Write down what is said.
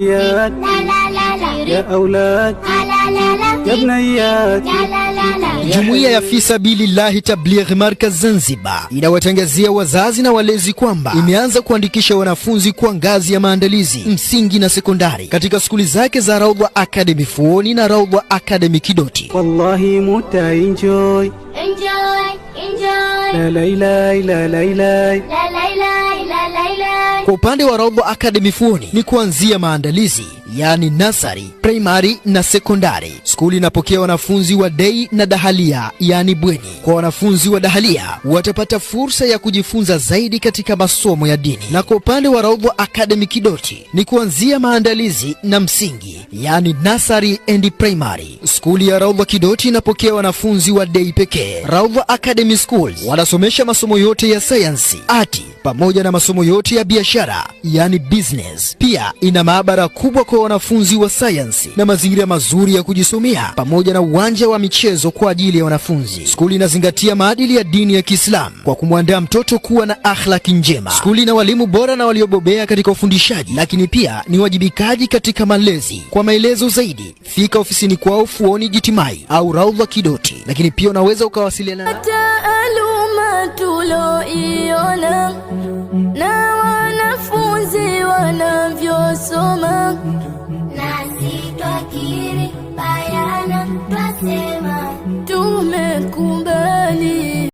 يا أولاد يا بنيات Jumuiya ya Fisabilillahi Tablighi Markaz Zanzibar inawatangazia wazazi na walezi kwamba imeanza kuandikisha wanafunzi kwa ngazi ya maandalizi msingi na sekondari katika skuli zake za Raudha Academy Fuoni na Raudha Academy Kidoti. Wallahi muta enjoy. Enjoy, enjoy. La la la la la la. Kwa upande wa Robo Academy Fuoni ni kuanzia maandalizi, yaani nasari, primary na sekondari. Skuli inapokea wanafunzi wa dei na dahalia, yaani bweni. Kwa wanafunzi wa dahalia watapata fursa ya kujifunza zaidi katika masomo ya dini, na kwa upande wa Raudha Academy Kidoti ni kuanzia maandalizi na msingi, yaani nasari and primary. Skuli ya Raudha Kidoti inapokea wanafunzi wa dei pekee. Robo Academy Schools wanasomesha masomo yote ya sayansi, ati pamoja na masomo yote ya biashara, yani business. Pia ina maabara kubwa kwa wanafunzi wa sayansi na mazingira mazuri ya kujisomea pamoja na uwanja wa michezo kwa ajili ya wanafunzi. Skuli inazingatia maadili ya dini ya Kiislamu kwa kumwandaa mtoto kuwa na akhlaki njema. Skuli ina walimu bora na waliobobea katika ufundishaji, lakini pia ni wajibikaji katika malezi. Kwa maelezo zaidi, fika ofisini kwao Fuoni Jitimai au Raudha Kidoti, lakini pia unaweza ukawasiliana na Neema tuloiona na wanafunzi wanavyosoma, nasi twakiri baya